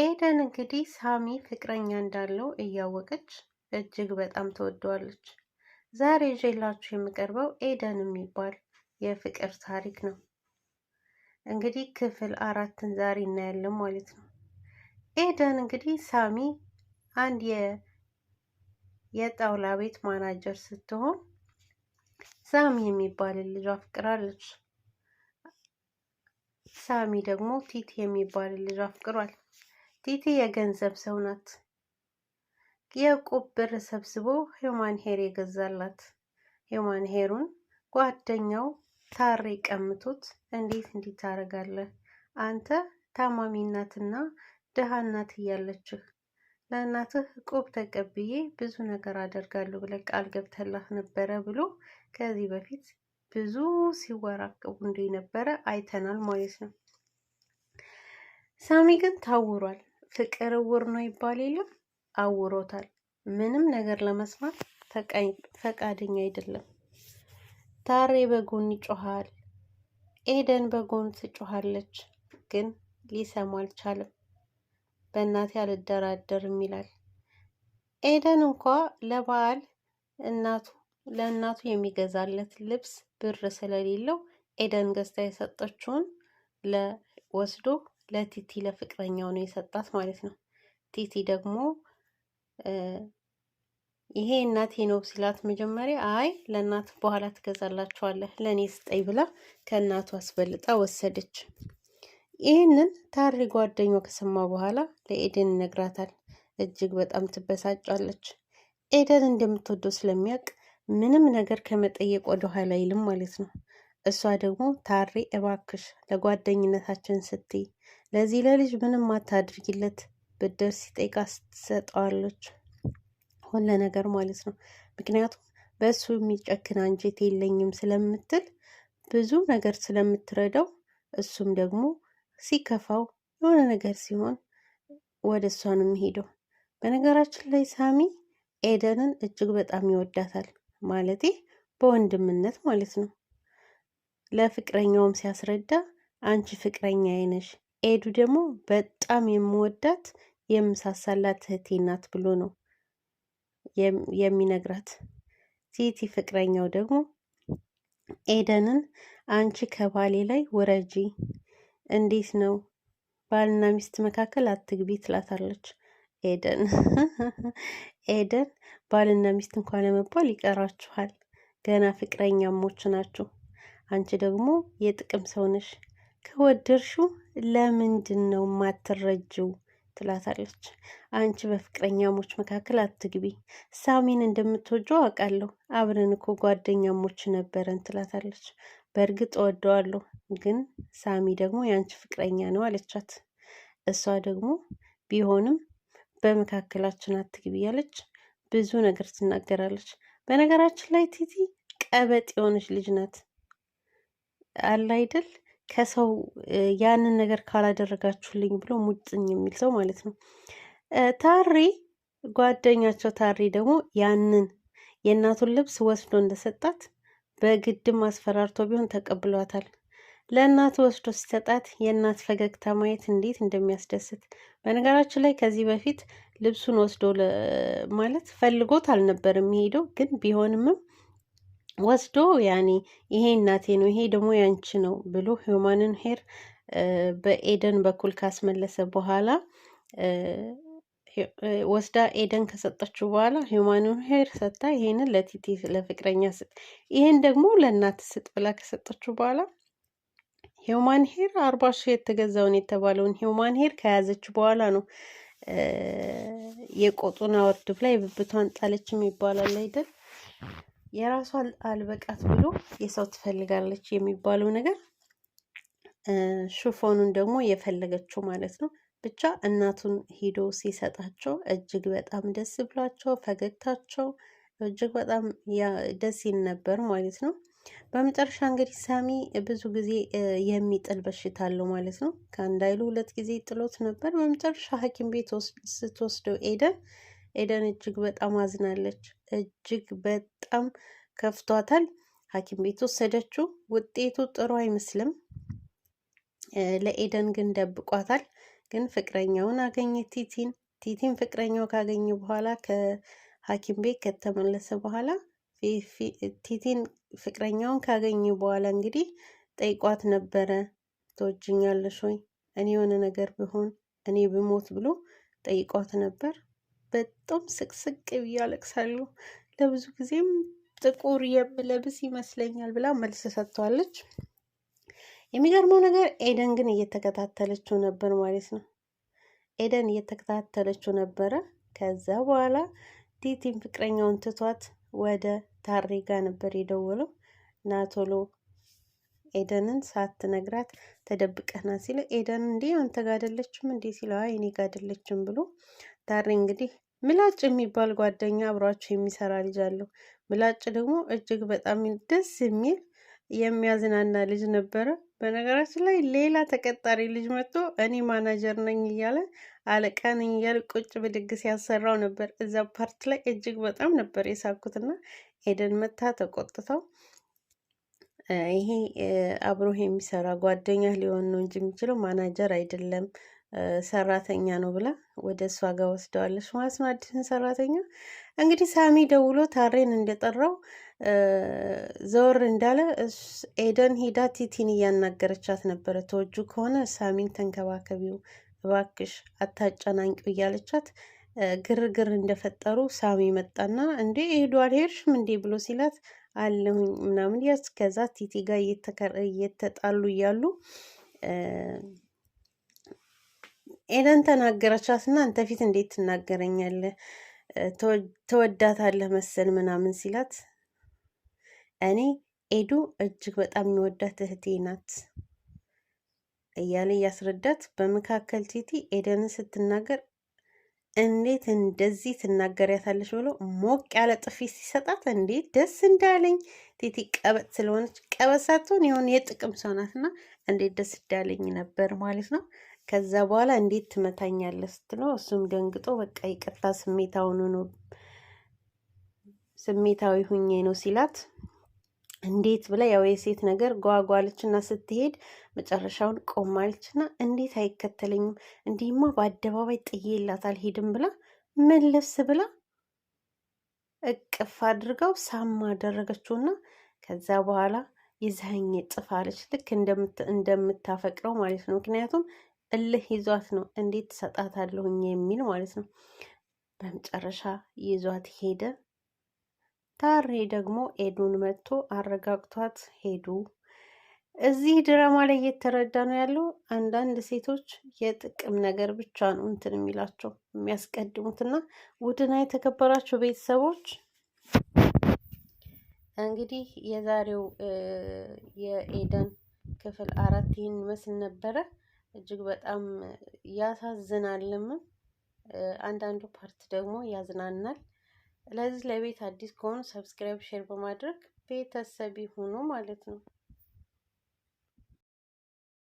ኤደን እንግዲህ ሳሚ ፍቅረኛ እንዳለው እያወቀች እጅግ በጣም ተወደዋለች። ዛሬ ይዤላችሁ የምቀርበው ኤደን የሚባል የፍቅር ታሪክ ነው። እንግዲህ ክፍል አራትን ዛሬ እናያለን ማለት ነው። ኤደን እንግዲህ ሳሚ አንድ የጣውላ ቤት ማናጀር ስትሆን ሳሚ የሚባል ልጅ አፍቅራለች። ሳሚ ደግሞ ቲት የሚባል ልጅ አፍቅሯል። ቲቲ የገንዘብ ሰው ናት። የቁብ ብር ሰብስቦ ሂውማን ሄር የገዛላት ሂውማን ሄሩን ጓደኛው ታሬ ቀምቶት እንዴት እንዲህ ታደርጋለህ አንተ ታማሚ ደሃናት ድሃ እናት እያለችህ ለእናትህ ቁብ ተቀብዬ ብዙ ነገር አደርጋለሁ ብለህ ቃል ገብተላህ ነበረ ብሎ ከዚህ በፊት ብዙ ሲወራቀቡ እንደነበረ አይተናል ማለት ነው። ሳሚ ግን ታውሯል። ፍቅር እውር ነው ይባል የለም አውሮታል። ምንም ነገር ለመስማት ፈቃደኛ አይደለም። ታሬ በጎን ይጮሃል። ኤደን በጎን ትጮሃለች፣ ግን ሊሰማ አልቻለም። በእናቴ አልደራደርም ይላል። ኤደን እንኳ ለበዓል እናቱ ለእናቱ የሚገዛለት ልብስ ብር ስለሌለው ኤደን ገዝታ የሰጠችውን ለወስዶ ለቲቲ ለፍቅረኛው ነው የሰጣት ማለት ነው። ቲቲ ደግሞ ይሄ እናቴ ነው ሲላት መጀመሪያ አይ ለእናት በኋላ ትገዛላችኋለህ ለእኔ ስጠይ ብላ ከእናቱ አስበልጣ ወሰደች። ይህንን ታሪ ጓደኛው ከሰማ በኋላ ለኤደን ይነግራታል። እጅግ በጣም ትበሳጫለች። ኤደን እንደምትወደው ስለሚያውቅ ምንም ነገር ከመጠየቅ ወደ ኋላ አይልም ማለት ነው። እሷ ደግሞ ታሬ እባክሽ ለጓደኝነታችን ስትይ ለዚህ ለልጅ ምንም አታድርጊለት፣ ብድር ሲጠይቃ ስትሰጠዋለች ሁለ ነገር ማለት ነው። ምክንያቱም በእሱ የሚጨክን አንጀት የለኝም ስለምትል ብዙ ነገር ስለምትረዳው እሱም ደግሞ ሲከፋው የሆነ ነገር ሲሆን ወደ እሷ ነው የሚሄደው። በነገራችን ላይ ሳሚ ኤደንን እጅግ በጣም ይወዳታል፣ ማለቴ በወንድምነት ማለት ነው። ለፍቅረኛውም ሲያስረዳ አንቺ ፍቅረኛ አይነሽ ኤዱ ደግሞ በጣም የምወዳት የምሳሳላት እህቴ ናት ብሎ ነው የሚነግራት። ቲቲ ፍቅረኛው ደግሞ ኤደንን አንቺ ከባሌ ላይ ውረጂ፣ እንዴት ነው ባልና ሚስት መካከል አትግቢ ትላታለች። ኤደን ኤደን ባልና ሚስት እንኳን ለመባል ይቀራችኋል፣ ገና ፍቅረኛሞች ናችሁ። አንቺ ደግሞ የጥቅም ሰው ነሽ፣ ከወደድሹ ለምንድን ነው የማትረጅው? ትላታለች። አንቺ በፍቅረኛሞች መካከል አትግቢ፣ ሳሚን እንደምትወጂው አውቃለሁ፣ አብረን እኮ ጓደኛሞች ነበረን ትላታለች። በእርግጥ ወደዋለሁ፣ ግን ሳሚ ደግሞ የአንቺ ፍቅረኛ ነው አለቻት። እሷ ደግሞ ቢሆንም በመካከላችን አትግቢ ያለች ብዙ ነገር ትናገራለች። በነገራችን ላይ ቲቲ ቀበጥ የሆነች ልጅ ናት። አለ አይደል ከሰው ያንን ነገር ካላደረጋችሁልኝ ብሎ ሙጥኝ የሚል ሰው ማለት ነው። ታሪ ጓደኛቸው ታሪ ደግሞ ያንን የእናቱን ልብስ ወስዶ እንደሰጣት በግድም አስፈራርቶ ቢሆን ተቀብሏታል። ለእናት ወስዶ ሲሰጣት የእናት ፈገግታ ማየት እንዴት እንደሚያስደስት። በነገራችን ላይ ከዚህ በፊት ልብሱን ወስዶ ማለት ፈልጎት አልነበርም የሚሄደው ግን ቢሆንምም ወስዶ ያኔ ይሄ እናቴ ነው፣ ይሄ ደግሞ ያንቺ ነው ብሎ ሂውማንን ሄር በኤደን በኩል ካስመለሰ በኋላ ወስዳ ኤደን ከሰጠችው በኋላ ሂውማንን ሄር ሰታ ይሄንን ለቲቲ ለፍቅረኛ ስጥ፣ ይሄን ደግሞ ለእናት ስጥ ብላ ከሰጠችው በኋላ ሂውማን ሄር አርባ ሺህ የተገዛውን የተባለውን ሂውማን ሄር ከያዘች በኋላ ነው የቆጡን አወርድ ብላ የብብቷን ጣለችም ይባላል አይደል? የራሷ አልበቃት ብሎ የሰው ትፈልጋለች የሚባለው ነገር ሽፎኑን ደግሞ የፈለገችው ማለት ነው። ብቻ እናቱን ሂዶ ሲሰጣቸው እጅግ በጣም ደስ ብሏቸው ፈገግታቸው እጅግ በጣም ደስ ይል ነበር ማለት ነው። በመጨረሻ እንግዲህ ሳሚ ብዙ ጊዜ የሚጥል በሽታ አለው ማለት ነው። ከአንድ አይሉ ሁለት ጊዜ ጥሎት ነበር። በመጨረሻ ሐኪም ቤት ስትወስደው ኤደን ኤደን እጅግ በጣም አዝናለች። እጅግ በጣም ከፍቷታል። ሐኪም ቤት ወሰደችው። ውጤቱ ጥሩ አይመስልም። ለኤደን ግን ደብቋታል። ግን ፍቅረኛውን አገኘ ቲቲን። ቲቲን ፍቅረኛው ካገኘ በኋላ ከሐኪም ቤት ከተመለሰ በኋላ ቲቲን ፍቅረኛውን ካገኘ በኋላ እንግዲህ ጠይቋት ነበረ። ትወጅኛለሽ ወይ? እኔ የሆነ ነገር ብሆን እኔ ብሞት ብሎ ጠይቋት ነበር። በጣም ስቅስቅ ብያለቅሳሉ። ለብዙ ጊዜም ጥቁር የምለብስ ይመስለኛል ብላ መልስ ሰጥቷለች። የሚገርመው ነገር ኤደን ግን እየተከታተለችው ነበር ማለት ነው። ኤደን እየተከታተለችው ነበረ። ከዛ በኋላ ዲቲን ፍቅረኛውን ትቷት ወደ ታሪጋ ነበር የደወለው። እና ቶሎ ኤደንን ሳትነግራት ተደብቀና ሲለ ኤደን እንዲህ አንተ ጋደለችም እንዲህ ሲለ እኔ ጋደለችም ብሎ ታሪ እንግዲህ ምላጭ የሚባል ጓደኛ አብሯቸው የሚሰራ ልጅ አለው። ምላጭ ደግሞ እጅግ በጣም ደስ የሚል የሚያዝናና ልጅ ነበረ። በነገራችን ላይ ሌላ ተቀጣሪ ልጅ መጥቶ እኔ ማናጀር ነኝ እያለ አለቃ ነኝ እያለ ቁጭ ብድግ ሲያሰራው ነበር። እዛ ፓርት ላይ እጅግ በጣም ነበር የሳኩትና ኤደን መታ ተቆጥተው ይሄ አብሮህ የሚሰራ ጓደኛ ሊሆን ነው እንጂ የሚችለው ማናጀር አይደለም ሰራተኛ ነው ብላ ወደ እሷ ጋር ወስደዋለች ማለት ነው። አዲስን ሰራተኛ እንግዲህ ሳሚ ደውሎ ታሬን እንደጠራው ዘወር እንዳለ ኤደን ሂዳ ቲቲን እያናገረቻት ነበረ። ተወጁ ከሆነ ሳሚን ተንከባከቢው እባክሽ፣ አታጨናንቂው እያለቻት ግርግር እንደፈጠሩ ሳሚ መጣና እንዴ ሄዱ አልሄድሽም እንዴ ብሎ ሲላት አለሁኝ ምናምን ያስ ከዛ ቲቲ ጋር እየተጣሉ እያሉ ኤደን ተናገረቻት እና አንተ ፊት እንዴት ትናገረኛለህ? ትወዳታለህ መሰል ምናምን ሲላት እኔ ኤዱ እጅግ በጣም የሚወዳት እህቴ ናት እያለ እያስረዳት በመካከል ቲቲ ኤደንን ስትናገር እንዴት እንደዚህ ትናገሪያታለች ብሎ ሞቅ ያለ ጥፊ ሲሰጣት እንዴት ደስ እንዳለኝ። ቲቲ ቀበጥ ስለሆነች ቀበጥ ሳትሆን የሆነ የጥቅም ሰው ናትና እንዴት ደስ እንዳለኝ ነበር ማለት ነው። ከዛ በኋላ እንዴት ትመታኛለህ ስትለው እሱም ደንግጦ በቃ ይቅርታ ስሜታው ነው ስሜታዊ ሁኜ ነው ሲላት እንዴት ብላ ያው የሴት ነገር ጓጓለችና ስትሄድ መጨረሻውን ቆማለችና እንዴት አይከተለኝም እንዲህማ በአደባባይ ጥዬላት አልሄድም ብላ ምን ልብስ ብላ እቅፍ አድርገው ሳማ አደረገችውና ከዛ በኋላ ይዘኸኝ ጥፋ ልክ እንደምታፈቅረው ማለት ነው። ምክንያቱም እልህ ይዟት ነው እንዴት ትሰጣታለሁኝ የሚል ማለት ነው። በመጨረሻ ይዟት ሄደ። ታሬ ደግሞ ኤዱን መጥቶ አረጋግቷት ሄዱ። እዚህ ድራማ ላይ እየተረዳ ነው ያለው አንዳንድ ሴቶች የጥቅም ነገር ብቻ ነው እንትን የሚላቸው የሚያስቀድሙትና ውድና የተከበራቸው ቤተሰቦች እንግዲህ የዛሬው የኤደን ክፍል አራት ይህን ይመስል ነበረ። እጅግ በጣም ያሳዝናልም። አንዳንዱ ፓርት ደግሞ ያዝናናል። ስለዚህ ለቤት አዲስ ከሆኑ ሰብስክራይብ፣ ሼር በማድረግ ቤተሰብ ይሁኑ ማለት ነው።